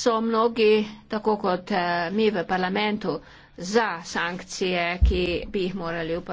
so mnogi, tako kot eh, mi v parlamentu, za sankcije, ki bi jih morali uporabiti.